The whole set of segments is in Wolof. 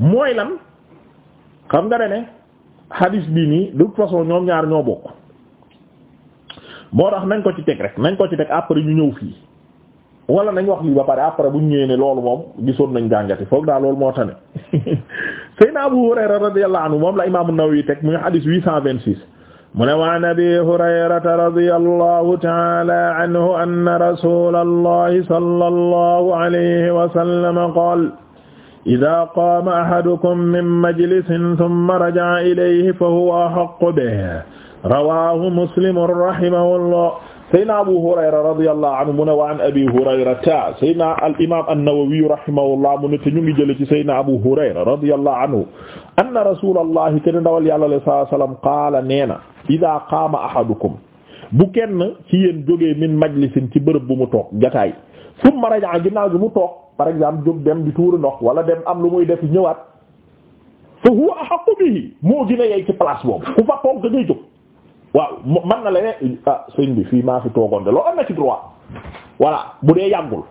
mooy lan xam nga ne hadis bii nii de toute façon ñoom ñaar ñoo bokk moo tax nañ ko ci teg rek nañ ko ci teg après ñu ñëw fii wala nañ wax lii ba pare après bu ñu ñëwee ne loolu moom gisoon nañ jàngati foog naa loolu moo tane Seydina Abu Hurayra radiyallahu moom la imaamu Nawawi teg muy hadis 826 mu ne wa an abi hurayrata radiyallahu ta'ala anhu anna rasulallahi sallallahu alayhi wa sallam idaa qaama ahadukum min majlisin thumma raja'a ilayhi fa huwa ahaqqu bihi rawaahu muslimun rahimahullah saydna abu hurayra radiyallahu anhu mu ne wa an abi hurayrata saydna al imam an-nawawi rahimahullah mu ne te ñu ngi jële ci saydna abu hurayra radiyallahu anhu anna rasulallahi te ne ndawal yàlla la saa sallam qaala nee na ida qaama ahadukum bu kenn ci yéen jógee min majlisin ci bërëb bu mu toog jataay summa raja'a ginnaaw gi mu toog par exemple jóg dem bi tuuri ndox wala dem am lu muy def ñëwaat fa huwa ahaqqu bihi moo gën a yey ci place boobu ku fa toog da jóg waaw man na leneen ah sëñ bi fii maa fi toogoon de loolu am ci droit voilà bu dee yàggul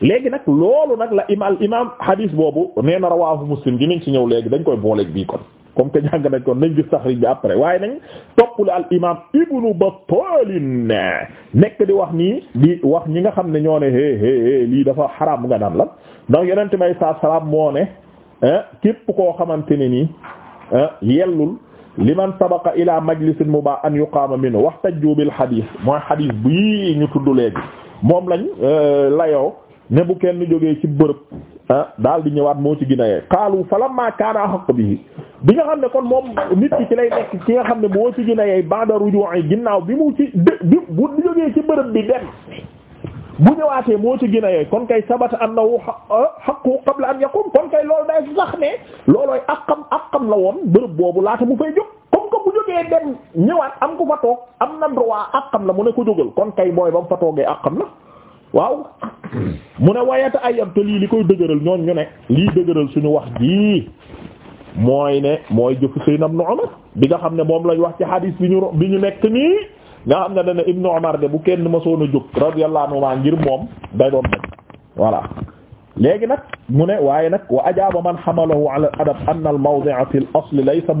léegi nag loolu nag la imaam imaam hadis boobu nee na rawaahu muslim dinañ ci ñëw léegi dañ koy booleeg bii kon. comme que jàng nañ ko nañ sax taxrij bi après waaye nañ topp la al imam ibnu Battal nekk di wax nii di wax ñi nga xam ne ñoo ne lii dafa xaraam nga daan la donc yenente may sa salaam moo ne képp koo xamante ne nii yellul liman sabaqa ila majlisin mubah an yuqaama minhu waxtajju bil xadiis mooy xadiis bii ñu tudd léegi moom lañ euh, layoo ne bu kenn jógee ci bërëb Ah daal di ñëwaat moo ci gën a yee xaalu falamma kaana haqq bi bi nga xam ne kon moom nit ki ci lay nekk ki nga xam ne moo ci gën a yey ba'da ruju'i ginnaaw bi mu ci bi bu jógee ci bërëb bi dem bu ñëwaatee moo ci gina a kon kay sabata annahu ah, haqqu qabla an yaqum kon kay loolu day sax ne loolooy akam akam la woon bërëb boobu laata mu fay jóg comme que bu jógee dem ñëwaat am ku fa toog am na droit akam la mu ne ko jógal kon kay mooy ba mu fa waaw mu ne wayata ayam te lii li koy dëgëral ñooñ ñu ne lii dëgëral suñu wax jii mooy ne mooy jëfu Seydina Ibnu Umar bi nga xam ne moom lañ wax ci hadis bi ñu bi ñu nekk nii nga xam ne dana Ibnu Umar de bu kenn mësoon a jóg radiyallahu anhu ngir moom day doon nag voilà léegi nag mu ne waaye nag wa ajaaba man hamalahu ala adab anna al mawdi'a fil asl laysa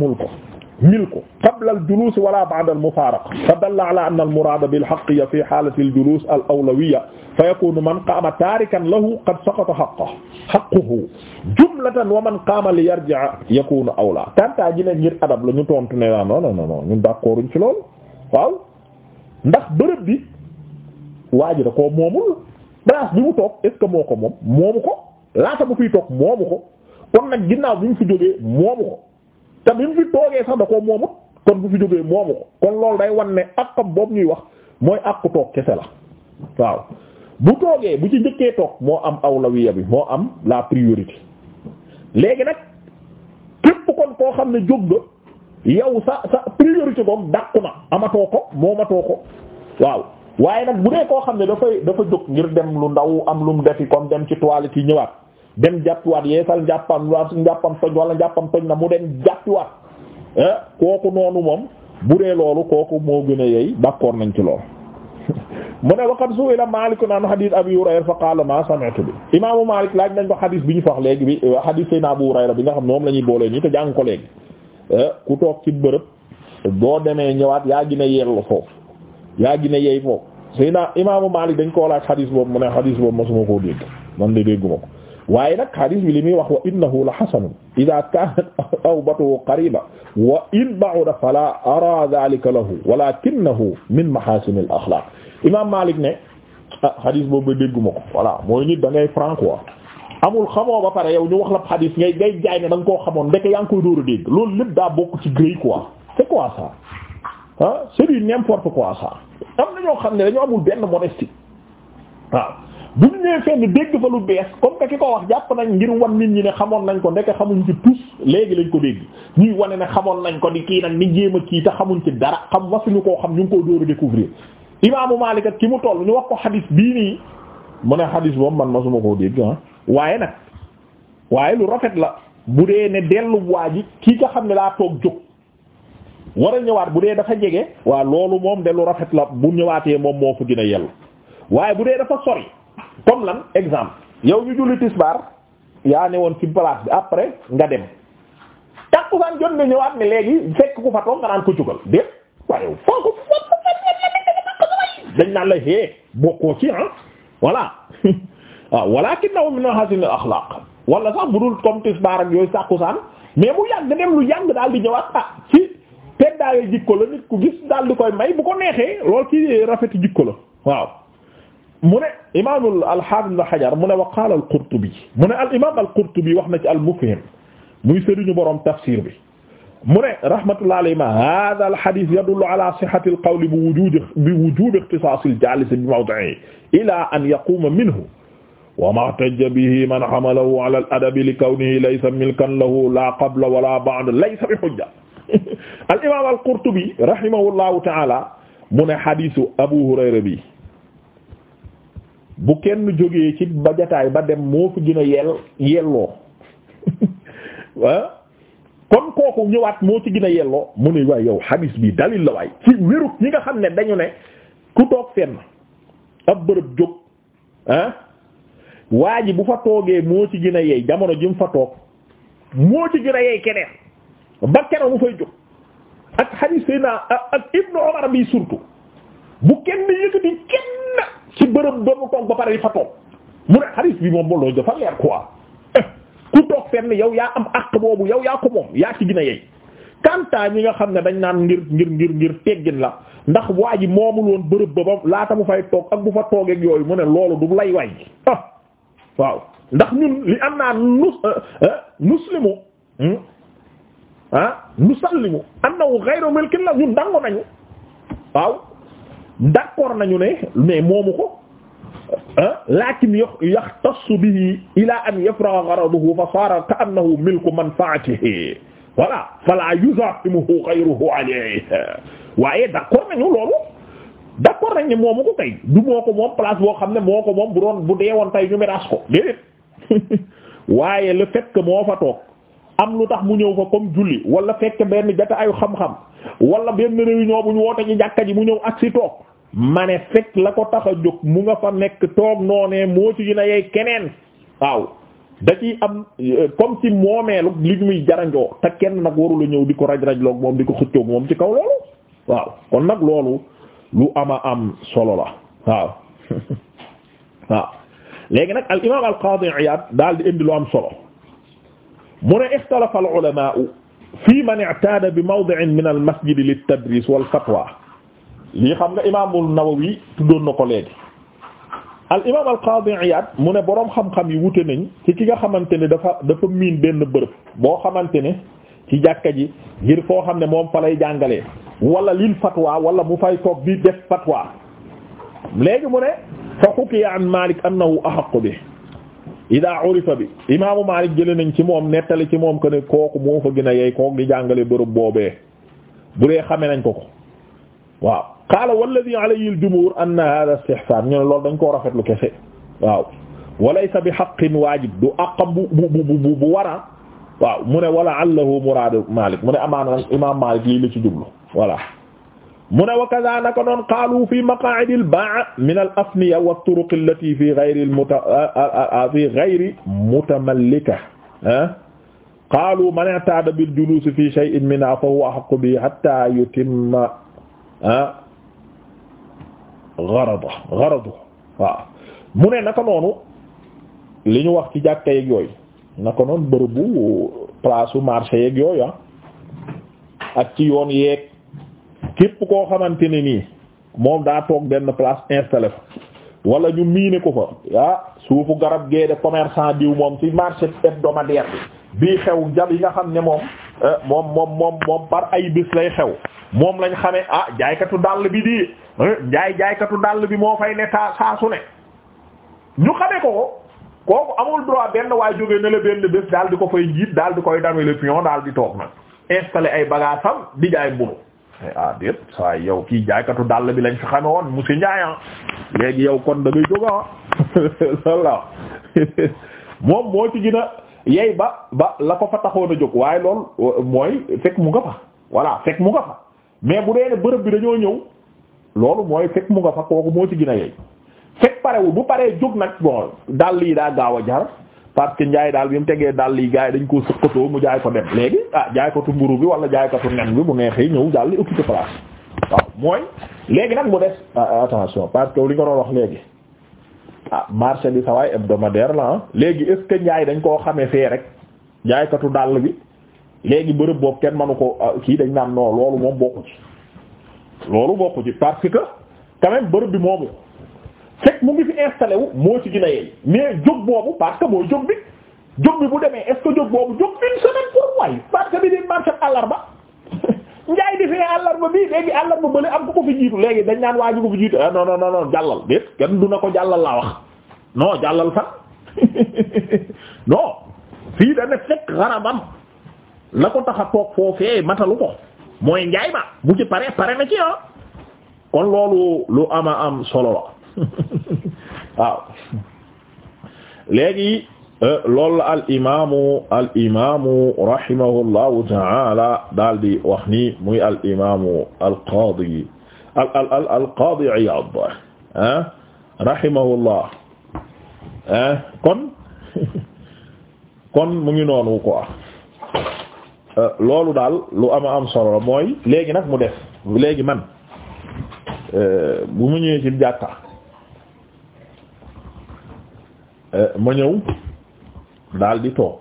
mil ko qabla al julus wala ba'da al mufaraqa fa dalla ala anna al murada bil haqqiyya fi halati al julus al awlawiyya fa yakunu man qama tarikan lahu qad saqata haqquhu haqquhu jumlatan wa man qama li yarji'a yakunu awla kanta ji ne ngir adab la ñu tontu ne la non non non ñun d'accord uñ ci loolu waaw ndax bërëb bi waa ji da koo moomul place bi mu toog est ce que moo ko moom moomu ko laata bu fiy toog moomu ko kon nag ginnaaw bi mu fi jógee moomu ko te bi mu fi toogee sax da koo moomut kon bu fi jógee moomu ko kon loolu day wan ne àqam boobu ñuy wax mooy àqu toog kese la waaw bu toogee bu ci njëkkee toog moo am awlawiya bi moo am la priorité léegi nag képp kon koo xam ne jóg nga yow sa sa priorité na amatoo ko moomatoo ko waaw waaye nag bu dee koo xam ne dafay dafa jóg ngir dem lu ndaw am lu mu defi kon dem ci toilette yi ñëwaat. dem jàppiwaat yeesal njàppam waa njàppam toj wala njàppam toj na mu dem jàppiwaat eh, kooku noonu moom bu dee loolu kooku moo gën a yeey d'accord nañ ci loolu mu ne waqad su'ila Maalik an hadith Abi Hurayra fa qaala ma sami'tu bi imaamu Maalik laaj nañ ko hadith bi ñu fax léegi bi eh, hadith Seydina Abu Hurayra bi nga xam ne moom la ñuy boolee nii te jàng ko léegi eh, ku toog ci bërëb boo demee ñëwaat yaa gina yellu foofu yaa gina yeey foofu Seydina imaamu Maalik dañ koo laaj hadith boobu mu ne hadith boobu mosuma koo waaye nag hadis bi li muy wax wa innahu la xasanun ida kanat tawbatuhu qariba wa in ba'uda fala ara dhalika lahu walakinahu min mahasinil axlaq imam Malik ne ah hadis boobu dégguma ko voilà mooy nit da ngay franc quoi amul xamoo ba pare yow ñu wax la hadis ngay ngay jaay ne da nga koo xamoon ndeke yaa ngi koy dóor a dégg loolu lépp daa bokk ci gré quoi c'est quoi ça ah c'est du n'importe quoi ça am na ñoo xam ne dañoo amul benn modestie waaw ah. bu ñu nee fenn dégg fa lu bees comme que ki ko wax jàpp nañ ngir wan nit ñi ne xamoon nañ ko ndeke xamuñ ci tus léegi lañ ko dégg ñuy wane ne xamoon nañ ko di kii nag ni jéem a kii te xamuñ ci dara xam masuñu koo xam ñu ngi koo dóor a découvrir imaamu Maalik ak ki mu toll ñu wax ko xadis bii nii mu ne xadis boobu man masuma koo dégg ah waaye nag waaye lu rafet la bu dee ne dellu waa ji kii nga xam ne laa toog jóg war a ñëwaat bu dee dafa jege waaw loolu moom de rafet la bu ñëwaatee moom moo fa gën a yell waaye bu dee dafa sori comme lan exemple yow ñu julli tisbaar yaa ne woon ci place bi après nga dem takkusaan jot nga ñëwaat ne léegi fekk ku fa toog nga naan ko jugal déet waaye foofu dañ naan la hee bokkoo ci ah voilà waaw walakinahu min hasin al akhlaq wala sax bu dul comme tisbaar ak yooyu takkusaan mais bu yàgg dem lu yàgg daal di ñëwaat ah ci teddaale jikko la nit ku gis daal di koy may bu ko neexee lool ci rafeti jikko la waaw mu ne imaamul alxaafid ibn Hajar mu ne wa qaala al-Qurtubi mu ne al imaam al-Qurtubi wax na ci al-Mufhim muy sëriñu borom tafsir bi mu ne rahmatullah alayhima haaza al-hadiis yadullu ala sihhati al-qawli bi wujuudi bi wujuubi ixtisaasi al-jaalis bi mawdi'ihi ilaa an yaquuma minhu wa maa ihtajja bihi man hamalahu ala al-adabi li kawnihi laysa milkan lahu laa qabla wa laa ba'da laysa bi hujja al imaam al-Qurtubi rahimahullahu ta'aala mu ne hadiisu Abu Hurayra bi bu kenn jógee ci ba jataay ba dem moo fi gën a yell yelloo kon kooku ñëwaat moo ci gën a yelloo mu ne waay yow hadis bi dalil la waay ci wérug ñi nga xam ne dañu ne ku toog fenn ab bërëb jóg ah waa ji bu fa toogee moo ci gën a yeey jamono ji mu fa toog moo ci gën a yeey keneen ba keroog mu fay jóg ak hadis Seydina ak Ibnu Umar bi surtout bu kenn yëkkati kenn ci bërëb doon toog ba pare di fa toog mu ne xaris bi moom loolu dafa leer quoi eh, ku toog fenn yow yaa am àq boobu yow yaa ko moom yaa ci gën a yey kanta ñi nga xam ne dañ naan ngir ngir ngir ngir teggin la ndax waa ji moomul woon bërëb ba ba laata mu fay toog ak bu fa toogeeg yooyu mu ne loolu du lay way ah waaw ndax ñun li am naa nus muslimu eh, eh, hmm? ah nusallimu annahu ghayru milkin la ñun dangu nañu waaw d'accord nañu ne mais moomu ko ah, lakin yaxtassu bihi ila an yafragha gharaduhu fa sara ka'annahu milku manfaatihi voilà fala yuzahimuhu ghayruhu alayhi waaye d'accord nañu loolu d'accord nañ ne moomu ko tey du moo ko moom place boo xam ne moo ko moom bu doon bu deewoon tey ñu miraas ko déedéet waaye le fait moo fa toog am lu tax mu ñëw fa comme julli wala fekk benn jota ayu xam-xam wala benn réunion bu ñu woote ci jàkka ji mu ñëw ak si toog ma ne la ko tax a jóg mu nga fa nekk toog noone moo ci gën a yey keneen waaw da am comme ci moomeelu li muy jaranjoo te kenn nag warula ñëw di ko raj-rajloog moom di ko xëccoog moom ci kaw loolu waaw kon nag loolu lu ama am solo la waaw waaw léegi nag al imam al qadi iyad daal di indi lu am solo mu ne ixtalafa al ulama fi man i'tada bi mawdi'in min al masjid lit tadris wal fatwa lii xam nga imaamul Nawawi tuddoon na ko léegi al imaam qaadi mu ne boroom xam-xam yi wute nañ ci ki nga xamante ne dafa dafa miin benn bërëb boo xamante ne ci jàkka ji ngir foo xam ne moom fa lay jàngalee wala lil fatwa wala mu fay toog bi def fatwa léegi mu ne fa xukiya an Maalik annahu ahaqu bi idaa urifa bi imaamu Maalik jëlee nañ ci moom nettali ci moom que ne kooku moo fa gën a yey kooku di jàngale bërëb boobee bu dee xame nañ ko ko waaw qaala walladhi alayhi al-jumhur anna hadha istihsan ñu ne loolu dañ koo rafetlu kese waaw walaysa bi haqqin waajib du aqam bu bu bu bu wara waaw mu ne wala allahu muraadu Malik mu ne amaana nag imaam Malik lii la ci jublu voilà mu ne wa kaza naka noon qaalu fi maqaa'idi al-baa' min al-afniya wa turuq allati fi ghayri al-muta fi ghayri mutamallika ah, qaalu man i'taada bil juluus fi shay'in minhaa fa huwa ahaqqu bihi hattaa yutimma garada garadu waaw mu ne naka noonu li ñu wax ci jàkka yeeg yooyu naka noonu bërëbu place u marché yeeg yooyu ah ak ci yoon yeeg képp koo xamante ne nii moom daa toog benn place installé fa wala ñu miine ko fa ah suufu garab gee de commerçant diw moom ci marché hebdomadaire bi xew jab yi nga xam ne moom eh, moom moom moom moom ay bés lay xew moom lañ xamee ah jaaykatu dàll bi di eh, jaay jaaykatu dàll bi moo fay ne saa saa su ne ñu xamee ko kooku amul droit benn waaye jógee na la benn bés daal di ko fay jiit daal di koy dame le pion daal di toog nag installé ay bagages di jaay mburu eh, ah déet saa yow kii jaaykatu dàll bi lañ fi xame woon monsieur Ndiaye ah léegi yow kon dangay ngay jóg ah. moom moo ci gën a yey ba ba la ko fa taxoon a jóg waaye lool mooy fekk mu nga fa voilà fekk mu nga fa. mais bu dee ne bërëb bi dañoo ñëw loolu mooy fekk mu nga fa kooku moo ci gën a fekk parewul bu paree jóg nag bon dàll yi daa gaaw a jar parce que njaay daal bi mu tegee dàll yi gars yi dañ koo sëqatoo mu jaay ko dem léegi ah jaay ko mburu bi wala jaay ko tu nen bi bu neexee ñëw dal li occupé place waaw mooy léegi nag mu des ah, ah, attention parce que li nga doon wax léegi ah marché bi sawaay hebdomadaire la ah léegi est ce njaay dañ koo xamee fee rek jaaykatu dàll bi léegi bërëb boobu kenn mënu ko ah, kii dañ naan non loolu moom bokku ci loolu bokku ci parce que quand bërëb bi moomu fekk mu ngi fi installé wu moo ci gën a yey mais jóg boobu parce que mooy jóg bi jóg bi bu demee est ce que jóg boobu jóg parce que bi di marché àllarba njaay di fee àllarba bii léegi àllarba bële am ku ko fi jiitu léegi dañ naan waa ji ko fi jiitu ah, non non non jàllal déet kenn du na ko jàllal laa wax non jàllal fan non fii da fekk xarabam la ko tax a toog foofee lu ko mooy njaay ma bu ci pare pare na ah. kon loolu lu ama am solo la waaw léegi euh, loolu la al imaamu al imaamu rahimahullahu taala wax ni muy al imaamu al qaadi al al al al qaadi Iyaad ah rahimahullah ah, kon mu ngi noonu quoi. Euh, loolu daal lu ama am solo la mooy léegi nag mu def léegi man euh, bu mu ñëwee ci jàkka euh, ma ñëw daal di toog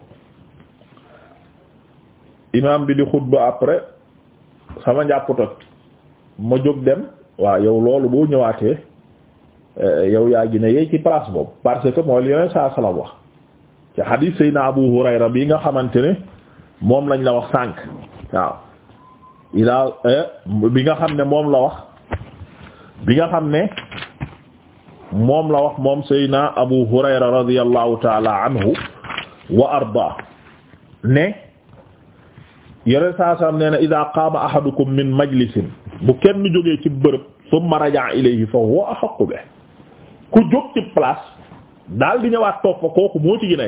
imam bi di xutba après sama njàpp toj ma jóg dem waaw yow loolu boo ñëwaatee yow yaa gi ne yey ci place boobu parce que mooy li yoneen saa sala wax ci hadith sayna Abu Hurayra bi nga xamante ne moom lañ la wax sànq waaw eh, bi nga xam ne moom la wax bi nga xam ne moom la wax moom Seydina Abu Hurayra radiyallahu taala anhu wa arda ne yore saa saam nee na ida qaama ahadukum min majlisin bu kenn jógee ci bërëb summa raja'a ilayhi fa huwa ahaqqu be ku jóg ci place daal di ñëwaat toog fa kooku moo ci gën a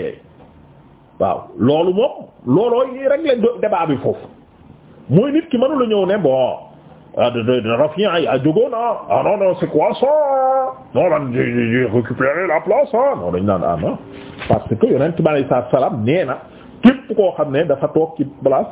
waaw loolu moom loolooy régler débat bi foofu mooy nit ki mënu la ñëw ne bon ah de a jógoon ah, ah non non c'est quoi la place ah. ah, parce que yonent bi alayhi salaatu salaam nee na képp koo xam ne dafa toog ci place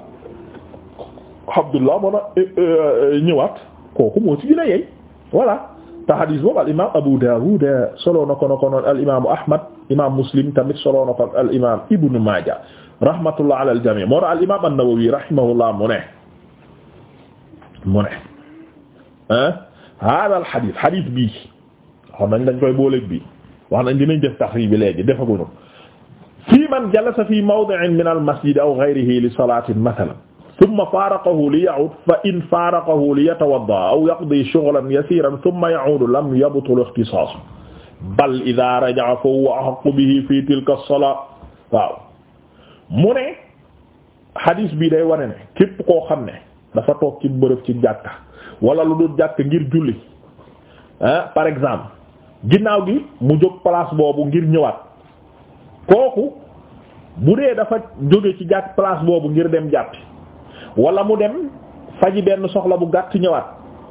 Abdullah mën a eh, eh, ñëwaat kooku moo ci yey voilà te hadis boobu Abu Dawud solo na ko na ko imaam muslim tamit solo na ko al imaam ibnu maaja rahmatullah ala al jamii moo tax al imaam an-nawawi rahimahullah mu ne mu ne ah hada al xadis xadis bii xam nañ dañ koy booleeg bii wax nañ dinañ def taxriij bi léegi defaguñu fii man jalasa fi mawdi'in min al masjid aw ghayrihi li salaatin mathalan tumma faaraqahu li ya'ud fa in faaraqahu li yatawadda aw yaqdi shughlan yasiran tumma ya'ud lam yabtul ixtisaasu bal ida raja'a fa huwa ahqqu bihi fi tilka as waaw mu ne hadis bi day ware ne képp koo xam ne dafa toog ci bërëb ci jàkka wala lu dul jàkk ngir julli ah, par exemple ginnaaw gi mu jóg palaas boobu ngir ñëwaat kooku bu dee dafa jóge ci jàkk place boobu ngir dem jàppi walla mu dem faji benn soxla bu gàtt ñëwaat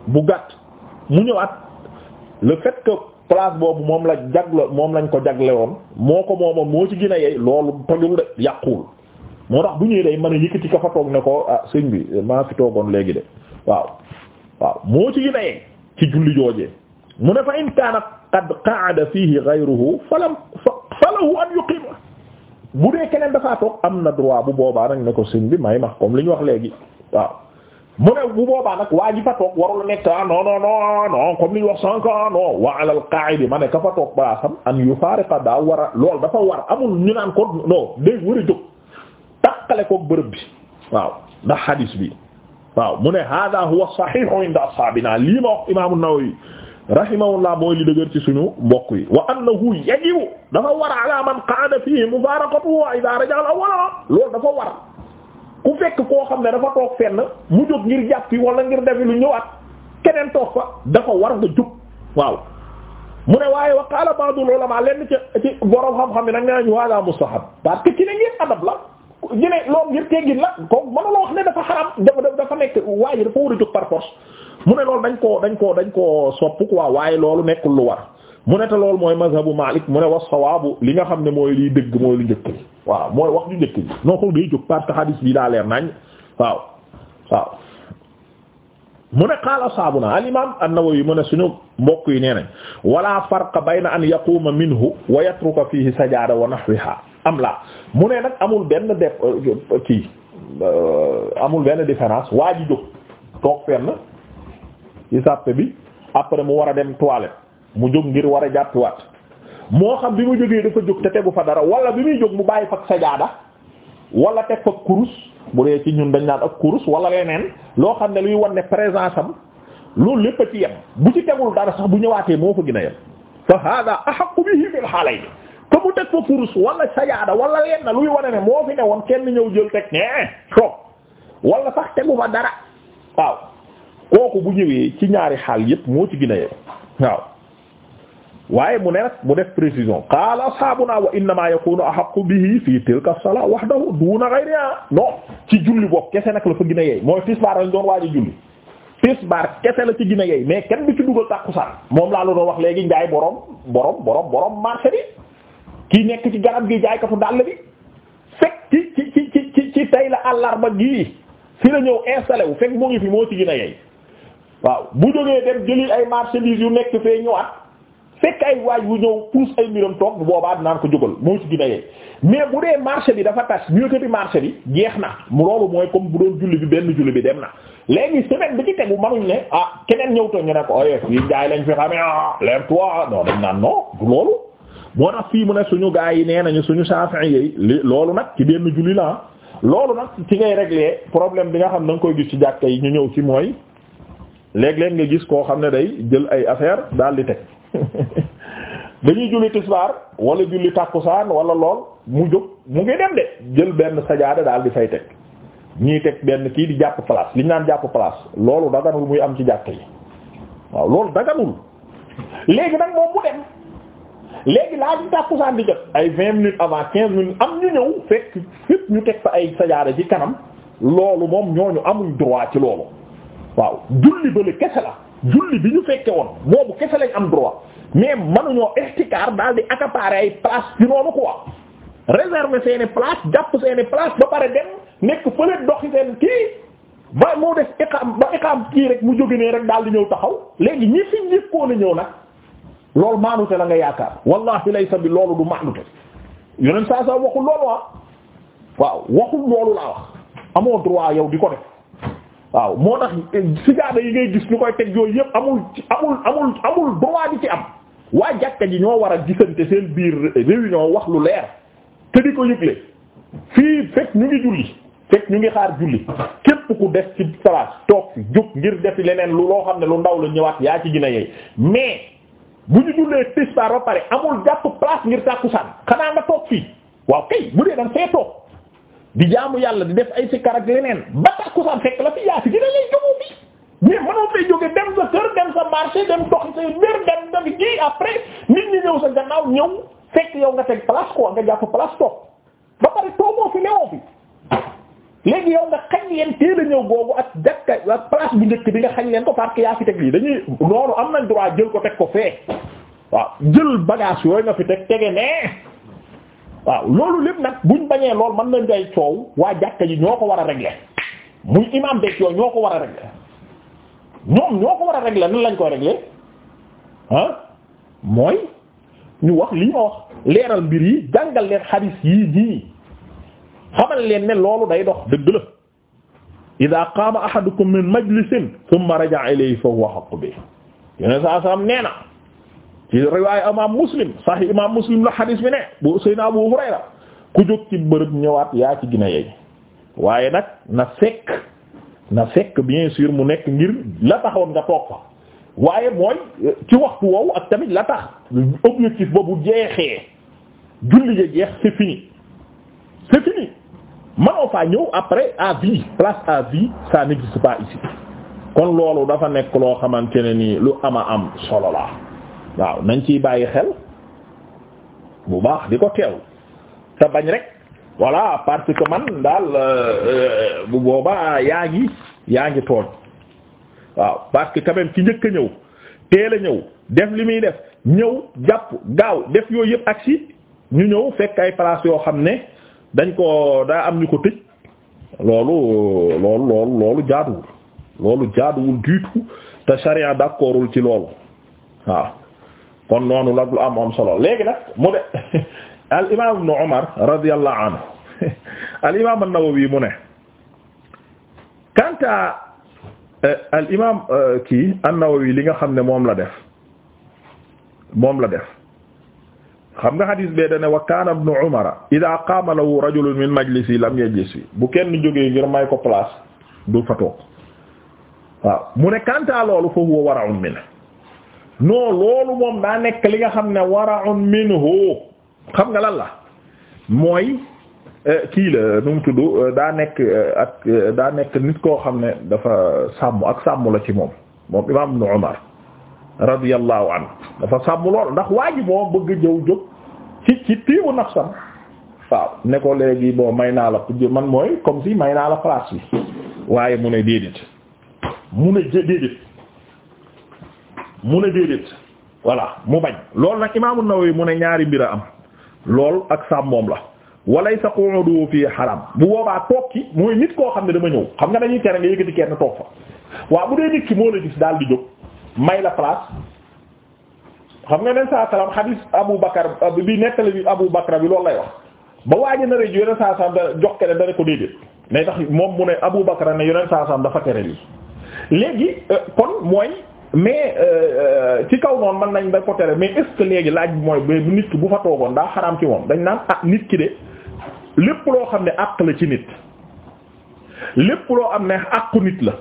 bu gàtt mu ñëwaat le fait que place boobu moom la jagle moom lañ ko jagle woon moo ko moomoon moo ci gën a yey loolu tojul de yàquwul moo tax bu ñuy rey mën a yëkkati ka fa toog ne ko ah sëñ bi maa fi toogoon léegi de waaw waaw moo ci gën a yey ci julli joojee mu ne fa in kaana qad qa'ada fihi ghayruhu falam falahu an yuqima bu dee keneen dafaa toog am na droit bu boobaa nag ne ko sëñ bi may ma comme li ñu wax léegi waaw mu ne bu boobaa nag waa ji fa toog warul nekk ah non non non non comme li ñu wax sànq ah non wa alal qaa'idi ma ne ka fa toog balaasam an yufaariqa daa war a loolu dafa war amul ñu naan ko non day war a jóg takkale ko bërëb bi waaw ndax hadis bi waaw mu ne haadaa huwa sahiihu inda ashaabinaa lii ma wax imaamu Nawawi rahimahullah mooy li dëgër ci suñu mbokk yi wa annahu yajibu dafa war ala man qaada fiihi mufaaraqatuhu wa idaa raja'a al-awwal loolu dafa war. bu fekk koo xam ne dafa toog fenn mu jóg ngir jàpp yi wala ngir defi lu ñëwaat keneen toog fa dafa war nga jóg waaw mu ne waaye wa qaala la maa lenn ci ci borom xam-xam yi nag nee nañu waaga mustahab parce que ki ne ngir adab la ñu ne loolu ngir teggin la ko mënu wax ne dafa xaram dafa dafa nekk waaye dafa war a jóg par force mu ne loolu dañ koo dañ koo dañ koo sopp quoi waaye loolu nekkul lu war mu ne te loolu mooy mazhabu Malik mu ne wa sawaabu li nga xam ne mooy liy dëgg mooy lu njëkk li waaw mooy wax ju njëkk bi noo ko day jóg parce que hadis bi daa leer nañ waaw waaw mu ne qaala saabuna al imam an-Nawawi mu ne suñu mbokk yi nee nañ wala farqa bayna an yaquuma minhu wa yatruka fihi sajaada wa nahwiha am la mu ne nag amul benn def kii benn différence waa ji jóg toog fenn ci sàppe bi après mu war a dem toilette mu jóg ngir war a jàppiwaat moo xam bi mu jógee dafa jóg te tegu fa dara wala bi muy jóg mu bàyyi fa sajaada wala teg fa kurus bu dee dañ naan ak kurus wala leneen loo xam ne luy wan ne présence am loolu lépp a ci bu ci tegul dara sax bu ñëwaatee moo fa gën yem fa hada ahaqqu bihi teg fa kurus wala sajaada wala lenn luy wane ne moo fi ne woon kenn ñëw jël teg eh, wala sax tegu fa dara waaw kooku bu ñëwee ci ñaari xaal yépp moo ci gën yem waaw waaye mu ne mu def précision qaala ashaabuna wa innama yakunu ahaqqu bihi fii tilka as-salaa wahdahu duuna ghayriha non ci julli boobu kese nag la fa gën a yey mooy tisbaar lañ doon waaji julli tisbaar kese la ci gën a yey moom laa la wax léegi njaay borom borom borom borom marché kii nekk ci garab gi jaaykatu dàll bi fekk ci ci ci ci ci la àllarba gii fi la ñëw installé wu fekk mu ngi fi moo ci gën a yey waaw bu jógee dem jëli ay marchandises yu nekk fee ñëwaat. fekk ay waaj wu ñëw puus ay mbiram toog bu boobaa dinaan ko jógal moo ci gën yee mais bu dee marché bi dafa tas ñu yëkkati marché bi geex na mu loolu mooy comme bu doon julli bi benn julli bi dem na léegi semaine bi ci tegu manuñ ne ah keneen ñëw toog ñu ne ko oye fii jaay lañ fi xamee ah leer toi ah, non dañ naan non loolu moo tax fii mu ne suñu gaa yi nee nañu suñu Shafi'i yi li loolu nag ci benn julli la ah. loolu nag ci ngay régler problème bi nga xam na nga koy gis ci jàkka yi ñu ñëw ci mooy léeg-léeg nga gis koo xam ne day jël ay affaire daal dañuy julli tisbaar wala julli tàkkusaan wala lool mu jóg mu ngi dem de jël benn sajaada daal di fay teg ñii teg benn kii di jàpp place li naan jàpp place loolu daganul muy am ci jàkk yi waaw loolu daganul léegi nag moom mu dem léegi laa di tàkkusaan di jot ay vingt minutes avant quinze minutes am ñu ñëw fekk fépp ñu teg fa ay sajaada ci kanam loolu moom ñooñu amuñ droit ci loolu waaw julli bële kese la julli bi ñu fekkee woon boobu kese lañ am droit mais mënuñoo ihtikaar daal di accaparer ay place ci noonu quoi réserver seeni place jàpp seeni place ba pare dem nekk fële doxi seen kii ba moo def iqaam ba iqaam kii rek mu jóge nee rek daal di ñëw taxaw léegi ñi fi njëkkoon a ñëw nag loolu maanute la nga yaakaar wallahi laysa bi loolu du maanute yoneen saa saa waxul loolu ah waaw waxul loolu laa wax amoo droit yow di ko def waaw moo tax sigaada yi ngay gis ñu koy teg yooyu yëpp amul ci amul amul amul droit ci am waa jàkka ji ñoo war a gisante seen biir ñoo wax lu leer te ko yëgle fii fekk ñu ngi julli fekk ñu ngi xaar julli képp ku def ci place toog fi jóg ngir def leneen lu loo xam ne lu ndaw la ñëwaat yaa ci gina yeey mais bu ñu jullee tisbaar ba pare amul jàpp place ngir tàkkusaan xanaa nga toog fii waaw kay bu dee danga fee toog di jaamu yàlla di def ay sikkar ak leneen ba tàkkusaan fekk la fi yaa fi dina lay jógoo bi mais mënoo fay jóge dem sa kër dem sa marché dem dox sa mbir dem dem ji après nit ñi ñëw sa gannaaw ñëw nga teg place ko nga jàpp place toog ba pare toogoo fi newoo fi léegi yow nga xañ leen teel ñëw boobu ak jàkka ak place bu njëkk bi nga xañ leen ko parce que yaa fi teg lii dañuy noonu am nañ droit jël ko teg ko fee waaw jël bagage yooyu nga fi teg tege nee waaw loolu lépp nag buñ bañee lool mën nañ day coow waa jàkka yi ñoo ko war a régler muy imam beeg yooyu ñoo ko war a régler ñoom ñoo ko war a régler nan lañ koy régler ah mooy ñu wax lii ma wax leeral mbir yi jàngal leen xadis yi nii xamal leen ne loolu day dox dëgg la ida qaama ahadukum min majlisin thumma raja'a ilayhi fa huwa haqqu bi yeneen saa salaam nee na ci riwaaya imaam muslim sahih imaam muslim la xadiis bi ne bu Seydina Abu Hurayra ku jóg ci bërëb ñëwaat yaa ci gina yeey waaye nag na fekk na fekk bien sûr mu nekk ngir la taxoon nga toog fa waaye mooy euh, ci waxtu woowu ak tamit la tax objectif ba bu jeexee julli ja jeex c'est fini manoo faa ñëw après à vie place à vie ça n'existe pas ici kon loolu dafa nekk loo xamante ne nii lu ama am solo la waaw nañ ciy bàyyi xel bu baax di ko teew te bañ rek voilà parce man daal euh, bu boobaa yaa ngi yaa ngi tooñ waaw parce que quand ci njëkk a ñëw teel a ñëw def li muy def ñëw jàpp gaaw def yooyu yëpp ak si ñu ñëw fekk ay place yoo xam ne dañ ko daa am ñu ko tëj loolu loolu loolu loolu jaaduwul loolu jaaduwul du tout te charia d'accordul ci loolu waaw kon noonu nag lu am am solo léegi nag mu de al imaam ibn Umar radiyallahu anhu al imaam an-Nawawi mu ne kanta eh, al imaam eh, kii an-Nawawi li nga xam ne moom la def moom la def xam nga xadiis bee dane wa kaana ibn Umar idaa qaama lahu rajulun min majlisi lam yajlis fi bu kenn jógee ngir may ko place du fa toog waaw mu ne kanta loolu fa huwa wara'un minhu non loolu moom daa nekk li nga xam ne wara'un minhu xam nga lan la mooy euh, kii la nu mu tudd euh, daa nekk euh, ak daa nekk nit koo xam ne dafa sàmm ak sàmm la ci moom moom imaam ibn Umar radiyallahu anhu dafa sàmm lool ndax waa ji boo bëgg jëw jóg ci ci tiiwu nafsam waaw ne léegi boo may naa la man mooy comme si may naa la place bi waaye mu ne déedéet mu ne déedéet mu ne déedéet voilà mu bañ loolu nag imaamu Nawawi mu ne ñaari mbir a am lool ak sàmm moom la walay sa qu'udu fii xaram bu boobaa toog ki mooy nit koo xam ne dama ñëw xam nga dañuy tere nga yëkkati kenn toog fa waa bu dee nit ki moo la gis daal di jóg may la place xam nga nen saa salaam xadiis Abu Bakar bi nettali bi Abu Bakar bi loolu lay wax ba waaji na rajo yeneen saa salaam da jox keneen dana ko déedéet ne tax moom mu ne Abu Bakar ne yeneen saa salaam dafa tere lii léegi euh, mais euh, euh, ci kaw noonu mën nañ da ko tere mais est léegi laaj bi mooy bu nit ki bu fa toogoon daa xaraam ci moom dañ naan ah nit ki de lépp loo xam ne àq la ci nit lépp loo am ne àqu nit la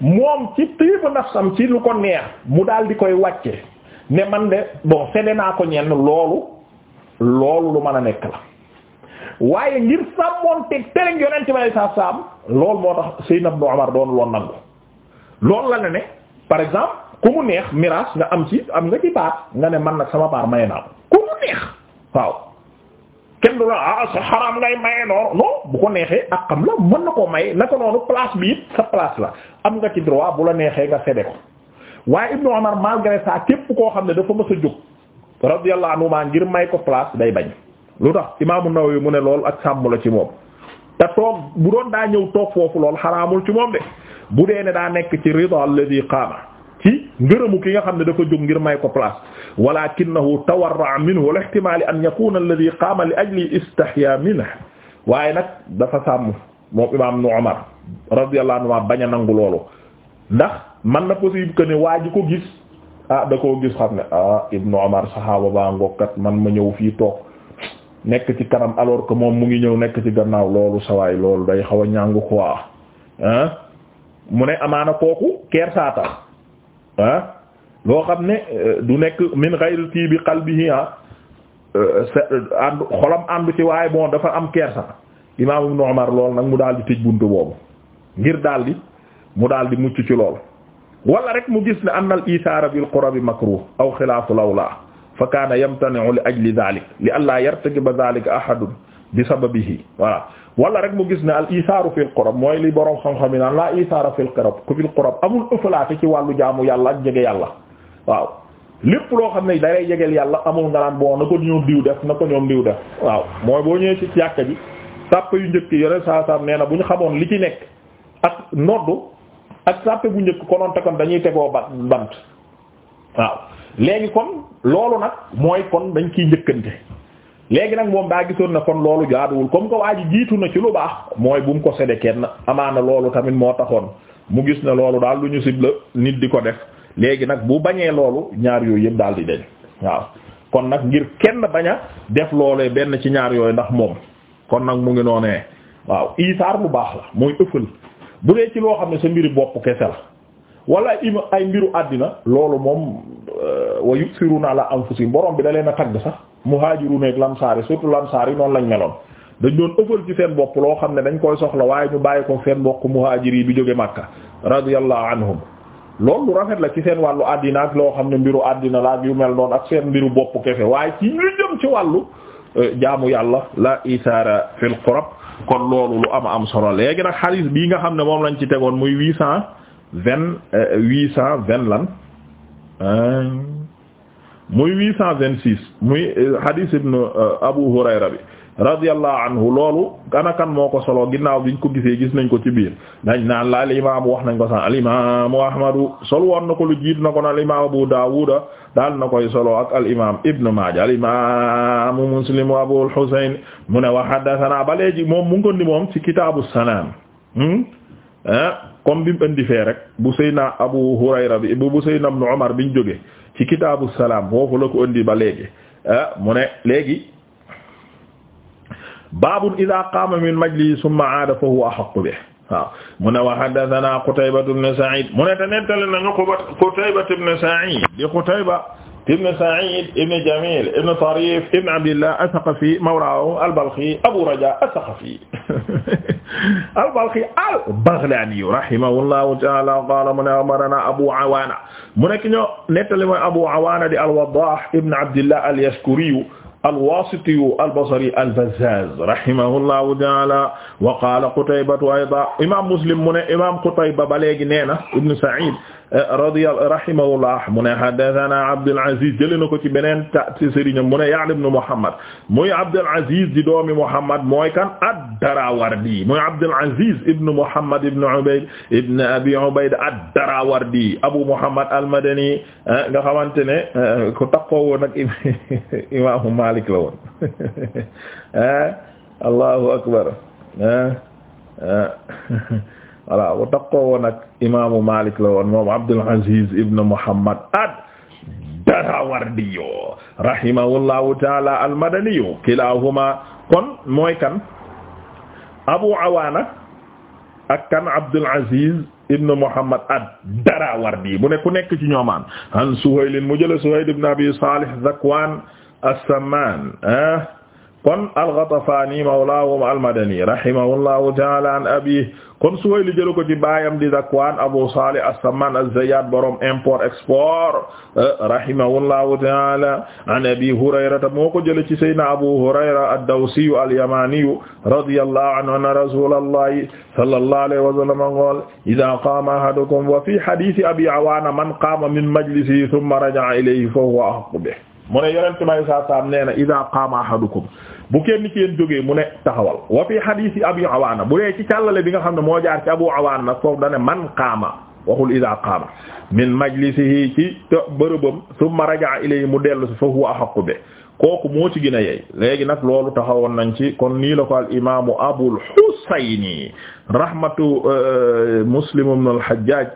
moom ci tiibu nafsam ci lu ko neex mu daal di koy wàcce ne man de bon sede naa ko ñenn loolu lool lu mën a nekk la waaye ngir sàmmoon teg tereg yonent bi sallallahu alayhi wasallam loolu moo tax Sayyidna Ibn Umar doon loon nangu loolu la ne ne par exemple ku mu neex miraas nga am ci am nga ci baat nga ne man nag sama baar maye naa ko ku mu neex waaw kenn du la ah sa xaraam ngay maye noonu bu ko neexee ak xam la mën na koo may naka noonu place bi sa place la am nga ci droit bu la neexee nga séddee ko waaye Ibnu Umar malgré ça képp koo xam ne dafa mës a jóg radiyallahu anhuma ngir may ko place day bañ lu tax Imaamu Nawawi mu ne lool ak sàmm la ci moom te toog bu doon daa ñëw toog foofu lool xaraamul ci moom de. bu dee ne daa nekk ci rida alladhi qaama ci ngërëmu ki nga xam ne dafa jóg ngir may ko place walakinahu tawarraa minhu wal ihtimaal an yakuna alladhi qaama li ajli istahya minhu waaye nag dafa sàmm moom imaam nu Umar radiyallahu anhu bañ a nangu loolu ndax man na possible que ne waa ko gis ah da koo gis xam ne ah ibnu Umar saxaaba baa ngokkat man ma ñëw fii toog nekk ci kanam alors que moom mu ngi ñëw nekk ci gannaaw loolu sawaay loolu day xaw a ñàngu quoi ah mu ne amaana kooku kersaatal ah, loo xam ne euh, du nekk min ghayr kii bi qalbihi ah, euh, euh, ànd xolam ànd ci waaye bon dafa am kersa imaam Ibn Umar lool nag mu daal di tëj buntu boobu ngir daal di mu daal di mucc ci lool wala rek mu gis ne anna al isaara bil qurbi makruh aw xilaafu lawla fa kaana yamtani'u li ajli dhalik li allaa yartakiba dhalik ahadun bi sababihi wala rek mu gis ne al isaaru fil qurab mooy li borom xam-xam yi naan laa isaara fil qurab ku fil qurab amul ëffalaate ci wàllu jaamu yàlla ak jege yàlla waaw lépp loo xam ne dalay jegeel yàlla amul nga naan bon na ko ñoom diw def na ko ñoom diw def waaw mooy boo ñëwee ci yàkka bi sàpp yu njëkk yore saa saa nee na bu ñu xamoon li ci nekk ak noddu ak sàppe bu njëkk kononte kon dañuy tegoo ba bant waaw léegi kon loolu nag mooy kon dañ ciy njëkkante léegi nag moom daa gisoon ne kon loolu jaaduwul comme que waa ji jiitu na ci lu baax mooy bu mu ko sede kenn amaana loolu tamit moo taxoon mu gis ne loolu daal lu ñu sib la nit di ko def léegi nag bu bañee loolu ñaar yooyu yëpp daal di deñ waaw kon nag ngir kenn bañ a def loolee benn ci ñaar yooyu ndax moom kon nag mu ngi ne waaw isaar lu baax la mooy ëffal bu dee ci loo xam ne sa mbiri bopp kese la wala ay mbiru àddina loolu moom euh, wa yusiruna ala anfusihim borom bi da a tagg sax muhaajiru nekk lamsaar yi surtout lamsaar yi noonu lañ meloon dañ doon ëffal ci seen bopp loo xam ne dañ koy soxla waaye ñu bàyyi ko seen mbokk muhaajir yi bi jóge Makka radiyallahu anhum loolu lu rafet la ci seen wàllu àddina ak loo xam ne mbiru àddina la ak yu mel noon ak seen mbiru bopp kefe waaye ci ñu jëm ci wàllu euh, jaamu yàlla la isaara fil qurab kon loolu lu am am solo léegi nag xadiis bii nga xam ne moom lañ ci tegoon muy huit cent vingt euh, huit cent vingt lan euh, muy huit cent vingt six muy euh, hadith ibn euh, Abu Hurayra bi radiyallahu anhu loolu kanakan moo ko solo ginnaaw biñ ko gisee gis nañ ko ci biir dañ naan la al imaamu wax nañ ko sax al imaamu ahmadu sol woon na ko lu jiit na ko al imaamu Abu Daawuda daal na koy solo ak al imaam Ibn Maaja al imaamu Muslim wa Abul Husayn mu ne wa haddathana ba léegi moom mu ngi ni moom ci kitaabu sanam ah hmm? eh? comme bi mu rek bu Seydina Abu Hurayra bi bu Seydina Ibn Umar biñ jógee. ci kitaabu salaam foofu la ko indi ba léegi eh, mu ne léegi baabun idaa qaama min majlisin summa aada fa huwa ahaqqu bihi waaw mu ne wa haddathanaa Qutaybatu ibn Sa'iid mu ne te nettali nañu Qutaybatu ibn Sa'iid di Qutayba ibn Sa'iid ibn Jamiil ibn Tariif ibn Abdillah as-Saqafi mawlaahu al-Balkhi Abu Rajaa as-Saqafi al-Balkhi al-Baghlani rahimahullahu ta'ala qala mu ne amarana Abu Awana mu nekk ñoo nettali mooy Abu Awana di al-Waddah ibn Abdillah al-Yaskuri al-Wasiti al-Basri al-Bazzaz rahimahullahu ta'ala wa qala Qutaybatu ayda imam Muslim mu ne imam Qutayba ba léegi nee na Ibn Sa'id radiya rahimahullah mu ne haddathana Aziz jëlee ko ci beneen ta ci sëriñam mu ne Muhammad muy Abdul Aziz di doomi Muhammad mooy kan ad-Darawardi muy Abdul Aziz ibn Muhammad ibn Abi Ubayd ad-Darawardi Abu Muhammad al-Madani eh, nga xamante eh, ku takkoo woon ak imaamu Malik la woon eh, Allahu akbar voilà bu takkoo woon ak imaamu Malik la woon moom Abdul Aziz ibn Muhammad ad-Darawardi rahimahullahu ta'ala al-Madani kilahuma kon mooy kan Abu Awaana ak kan Abdul Aziz ibn Muhammad ad-Darawardi bu ne ku nekk ci ñoomaan an Suhayl mu jële Suhayl ibn Abi Salih Zakwan as-Samman ah. kon al-Ghatafani mawlaahum al-Madani rahimahullahu ta'ala an abi kon Suhayl jël ko ci baayam di Zakwaan Abu Salih as-Samman az-Zayyat borom import export eh, rahimahullahu ta'ala an Abi Hurayrata moo ko jël ci Sayyidina Abu Hurayra ad-Dawsi al-Yamani radiyallahu anhu anna Rasulallahi sallallahu alayhi wa sallam qaala idha qaama ahadukum wa fi hadithi Abi Awaana man qaama min majlisihi thumma raja'a ilayhi fa huwa ahqqu bihi mu ne yonent may saa saam nee na idha qaama ahadukum bu kenn ci yéen jógee mu ne taxawal wa fi hadisi abi awaana bu dee ci càllale bi nga xam ne moo jaar ci abu awaana nag foofu dane man qaama waxul ida qaama min majlisihi ci te bërëbam rajaa ilayhi mu dellu si fa huwa ahaqu be kooku moo ci gën a yey léegi nag loolu taxawoon nañ ci kon nii la ko al imaamu abul husayni rahmatu euh, muslim ibn al hajjaj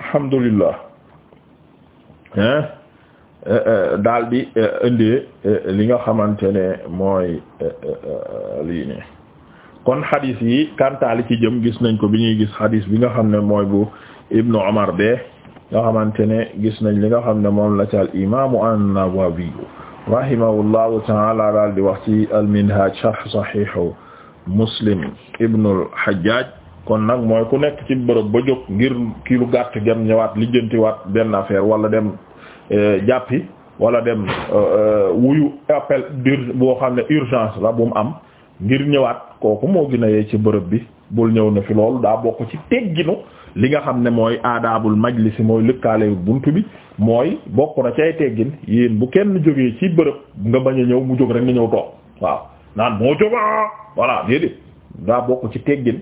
alhamdulillah Eh, eh, daal di eh, indi li nga xamante ne mooy lii kon xadis yi kantaali ci jëm gis nañ ko bi ñuy gis xadis bi nga xam ne mooy bu ibnu Umar be nga xamante ne gis nañ li nga xam ne moom la ci al imaamu an-Nawawi rahimahullahu taala daal di wax ci al-Minhaj sharh sahihu Muslim ibnu al kon nag mooy ku nekk ci bërëb ba jóg ngir kii lu gàtt dem ñëwaat lijjantiwaat benn affaire wala dem Euh, jàppi wala dem euh, euh, wuyu appel d'urgence boo xam ne urgence la bu am ngir ñëwaat kooku moo gina yee ci bërëb bi bul ñëw na fi loolu daa bokk ci tegginu li nga xam ne mooy aadaabul majlisi mooy lëkkaale bunt bi mooy bokk na ci teggin yéen bu kenn jógee ci bërëb nga bañ a ñëw mu jóg rek nga ñëw toog waaw naan moo jóga ah, voilà déedéet daa bokk ci teggin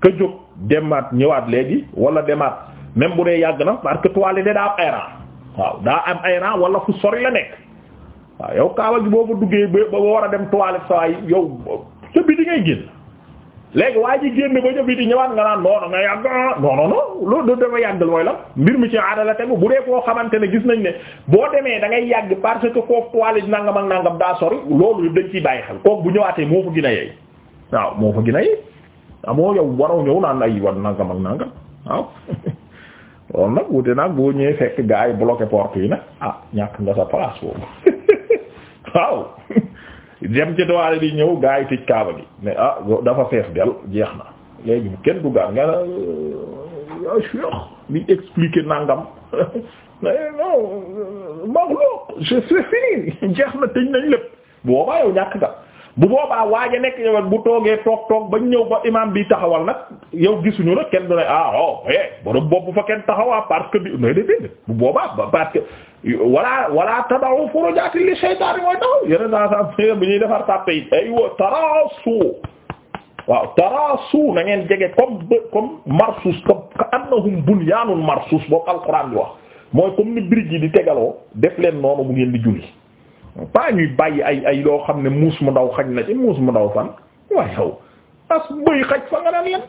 ka jóg demaat ñëwaat léegi wala demaat même bu dee yàgg na parce que toilette daa am aérant waaw daa am ay rang wala fu sori la nekk waaw yow kaaba gi boo fa duggee ba war a dem toilette saa yow ca biti ngay génn léegi waa ji génn ba ca biti ñëwaat nga naan non nga yàgg ah, non non non loolu dafa yàggal mooy la mbir mi ci aada la tegu bu dee koo xamante ne gis nañ ne boo demee da ngay yàgg parce que kooku toilette nangam ak nangam daa sori loolu yëpp dañ ciy bàyyi xel kook bu ñëwaatee moo fa gën a waaw moo fa gën a yey yow waroo ñëw naan ay wan nangam ak nangam loolu nag wute nag boo ñëwee fekk gars yi bloqué porte yi nag ah ñàkk nga sa place boobu waaw dem ci dowaale di ñëw gars yi tëj kaaba gi mais ah dafa fees del jeex na léegi kenn du nga na euh, yaa cheikh bi expliquer nangam non euh, maxluq c'est fini jeex na tëj nañ lépp boobaa yow ñàkk nga bu boobaa waaja nekk yow bu toogee toog toog ba ñëw ba imaam bii taxawal nag yow gisuñu la kenn du ne ah oh eh borom bopp fa kenn taxawaa parce que bi nooy de dégg bu boobaa ba parce que wala wala tadawu furujaati li shaytaani mooy taxaw yeneen saa saa bu ñuy defar tàppe yi aywa taraasu waaw taraasu na ngeen jege comme comme marsus ka annahum bunyaanun marsus boobu alxuraan bi wax mooy comme ni brique yi di tegaloo def leen noonu bu ngeen di julli. pas ñuy bàyyi ay ay loo xam ne muus mu ndaw xaj na ci muus mu ndaw fan waaye yow as bëy xaj fa nga naan lan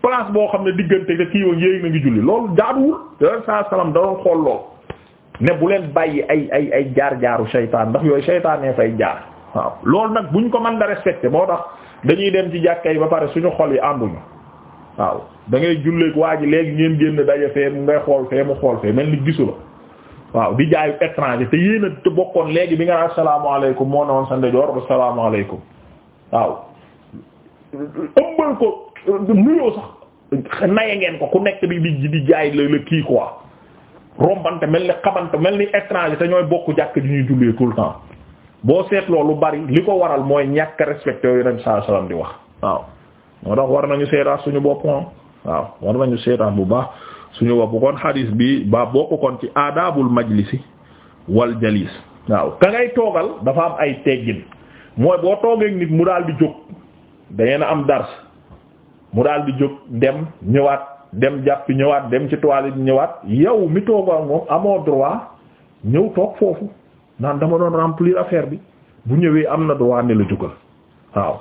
place boo xam ne diggante ka kii wa yéeg na ngi julli loolu jaaduwul yoneen saa salaam da doon xool lool ne bu leen bàyyi ay ay ay jaar-jaaru seytaan ndax yooyu seytaanee fay jaar waaw loolu nag buñ ko mën da respecté moo tax dañuy dem ci jàkka ba pare suñu xol yi ànduñu waaw da ngay julleeg waa ji léegi ngeen génn daje fee mu ngay xool fee ni gisu waaw di jaayu étranger te yéen te bokkoon léegi bi nga naan salaamaaleykum moo ne woon sa ndejoor salaamaaleykum waaw ëmbal ko nuyoo sax naye ngeen ko ku nekk di di di jaay la la kii quoi rombante mel ni xamante mel ni étranger te ñooy bokk jàkk di ñuy jullee tout temps boo seetloo lu bari li ko waral mooy ñàkk respecté yooyu nabi sallallahu alayhi di wax waaw moo tax war nañu seetaat suñu bopp moom waaw war nañu seetaat bu baax suñu wax bu kon xadis bi ba bokk kon ci aadaabul majlisi wal jalis waaw ka ngay toogal dafa am ay teggin mooy boo toogeek nit mu daal di jóg da a am dars mu dal di jóg dem ñëwaat dem jàpp ñëwaat dem ci toilette ñëwaat yow mi toogal moom amoo droit ñëw toog foofu naan dama doon remplir affaire bi bu ñëwee am na droit ne la jógal waaw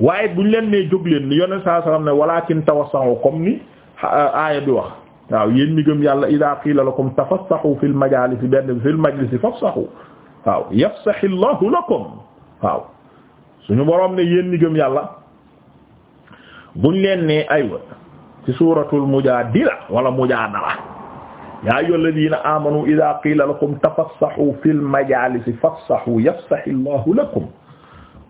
waaye buñ leen nee jóg leen ni yoneen saa salaam ne walaakin tawassahu comme ni aaya bi wax waaw yéen ñi gëm yàlla idaa qiila lakum tafassahu fil majaalisi benn fil majlisi fafsahu waaw yafsahi llahu lakum waaw suñu boroom ne yéen ñi gëm yàlla buñ leen ne aywa ci suuratul mujaadila wala mujaadala yaa ayyuhal ladiina aamanu idaa qiila lakum tafassahu fil majaalisi fafsahu yafsahi llahu lakum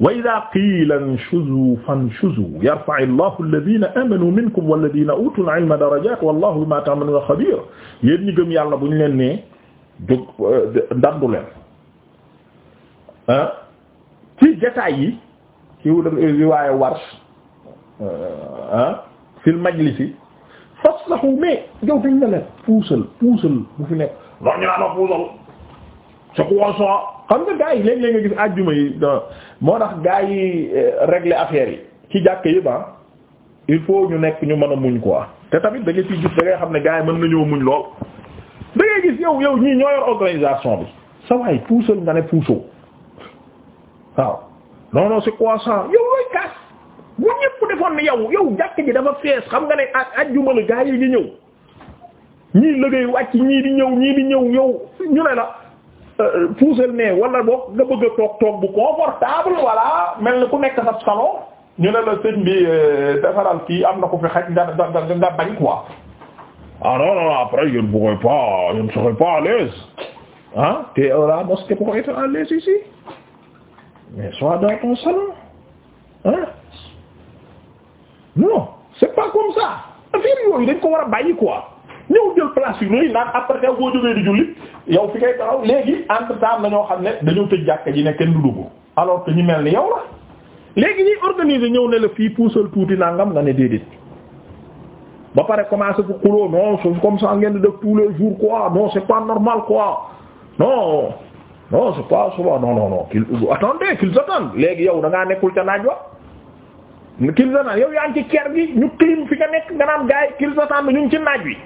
wa idha qila nshuzu fanshuzu yarfa'i Allahu alladhina amanu minkum walladhina utul ilma darajat wallahu bima ta'maluna khabir yéen ñi gëm yàlla bu ñu leen nee jóg euh, ndandu leen ah ci jataay yi ci riwaaya Warsh euh, ah fil majlisi faslahu mais jow dañ na leen puusal puusal bu fi nekk lox ñu naan a puusal c'est quoi ça xam nga gars yi léeg-léeg nga gis àjjuma yi moo tax gars yi euh, régler affaire yi ci jàkk yi ba ah, il faut ñu nekk ñu mën a muñ quoi te tamit da nga ciy gis xam ne gaa yi mën nañoo muñ lool da gis yow yow ñii ñoo yor organisation bi sa waay puusal nga ne puusoo waaw non non c'est yow looy kaas bu ñëpp defoon yow yow jàkk ji dafa fees xam nga ne àjjuma la gars yi di ñëw ñii liggéey wàcc ñii di ñëw ñii di ñëw yow ñu ne la. Euh, puusal ne wala boog nga bëgg a toog toog bu confortable voilà mel ni ku nekk sa salon ñu ne la sëñ bi euh, defaral kii am na ko fi xaj nga nga nga bañ quoi. ah non non après je ne pourrai pas je ne serai pas à l'aise ah tu es à la mosquée pour être à l'aise ici mais sois dans ton salon hein non c'est pas comme ça affaire yooyu dañ ko war a bàyyi quoi. ñëw jël place yu rëy naan après xew boo jógee di julli yow fi ngay taxaw léegi entre temps na ñoo xam ne dañoo tëj jàkka ji ne kenn du dugg alors que ñu mel ni yow la léegi ñuy organiser ñëw ne la fii puusal tuuti nangam nga ne déedéet ba pare commencé ku xuloo non c'est comme ça ngeen di def tous les jours quoi non c'est pas normal quoi non non c'est pas souvent non non non qu'il attendez qu'ils léegi yow da nekkul ca naaj wa qu'ils attendent yow yaa ci kër gi ñu clim fi nga nekk nga naan gars yi ci naaj wi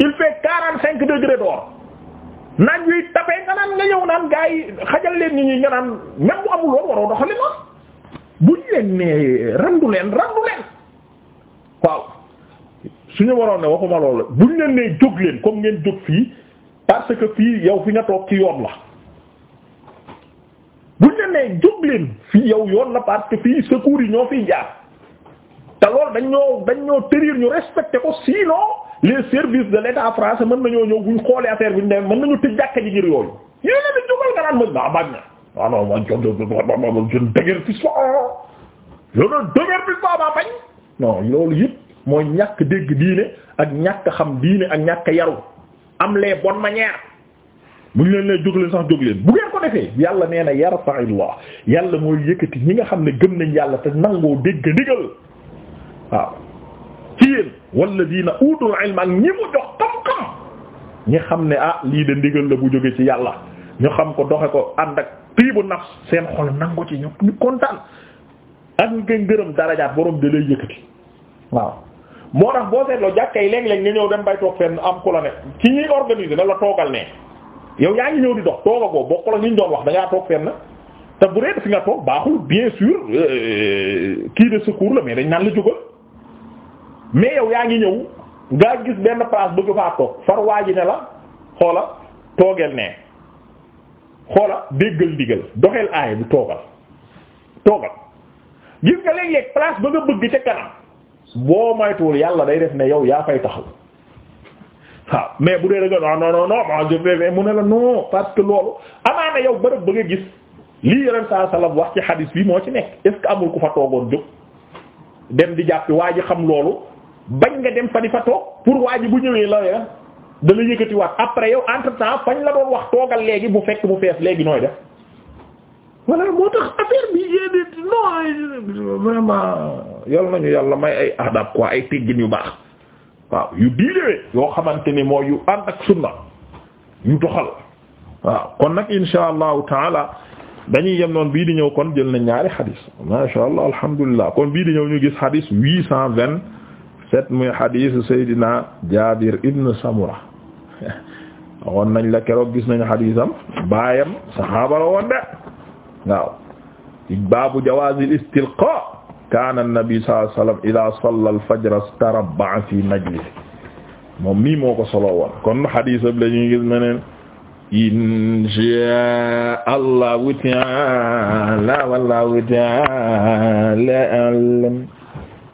il fait quarante cinq degrés dehors naaj wi tapé nga naan nga yow naan gaa xajal leen nit ñi nga naan même bu amul woon waroo doxali noonu bu ñu leen nee randu leen randu leen waaw suñu waroon ne waxuma loolu bu ñu leen nee jóg leen comme ngeen jóg fii parce que fii yow fi nga toog ci yoon la bu ñu leen nee jóg leen fii yow yoon la parce que fii secours yi ñoo fiy jaar te loolu dañ ñoo dañ ñoo tenir ñu respecté ko loo les services de l'État français mën nañoo ñëw buñ xoolee affaire bi ñu demee mën nañu tëj jàkka ji ngir yooyu yéen a ngi jógal nga naan man daa ah, bañ na. waaw ah, non man jërëjëf jërëjëf déguerpissement jërëjëf déguerpissement maa bañ. non loolu yëpp mooy ñàkk dégg diine ak ñàkk xam diine ak ñàkk yaru am les bonnes manières. bu ñu leen lay jóg leen sax jóg leen bu ngeen ko defee yàlla nee na yarfa'illah yàlla mooy yëkkati ñi nga xam ne gëm nañ yàlla te nangoo dégg ndigal waaw ci yéen walladiina uutul ilma ak ñi mu jox xam-xam ñi xam ne ah lii de ndigal la bu jóge ci yàlla ñu xam ko doxe ko ànd ak tiibu nafs seen xol nangu ci ñu ñu kontaan ak nga ngërëm darajaat borom da lay yëkkati waaw moo tax boo seetloo jàkka yi léeg-léeg ñu ñëw dem bay toog fenn am ku la ne ci ñuy organiser da la toogal ne yow yaa ngi ñëw di dox toogagoo bokkul ak li ñu doon wax da ngaa toog fenn te bu dee fi nga toog baaxul bien sûr euh, kii de secours la mais dañ naan la jógal. mais yow yaa ngi ñëw nga gis benn place bëgg faa toog far waa ji ne la xoola toogeel ne xoola déggal digal doxeel aay bu toogal toogal gis nga léeg-léeg place ba nga bëgg ca kanam boo maytuwul yàlla day def ne yow yaa fay taxaw mais bu dee da nga non non non la non parce que loolu amaana yow bërëb ba nga gis lii yonent saa sallam wax ci xadis bi moo ci nekk est ce que amul ku fa toogoon jóg dem di jàppi waa ji xam loolu bañ nga dem fa di fa toog pour waa bu ñëwee la ya da la yëkkatiwaat après yow entre temps fañ la doon wax toogal léegi bu fekk bu fees léegi nooy def voilà moo tax affaire bi yéene non vraiment yal nañu yàlla may ay adab quoi ay teggin yu baax waaw yu diinewee yoo xamante ni mooy yu ànd ak sunna yu doxal waaw kon nag insha allahu taala dañuy yem noon bii di ñëw kon jël na ñaari xadis ma sha allah alhamdulillah kon bii di ñëw ñu gis xadis huit cent vingt sept muy xadiisu Seydina Jaabir ibn Samura waxoon nañ la keroog gis nañu xadiisam baayam saxaaba la woon de waaw ci baabu jawaazil istilqaa kaana an-nabi sallallahu alayhi wa sallam idaa sallaa al-fajra starabba'a fii majlisihi moom mii moo ko solo woon kon xadiisam la ñuy gis meneen inshaa Allahu ta'aala wallaahu ta'aala a'lam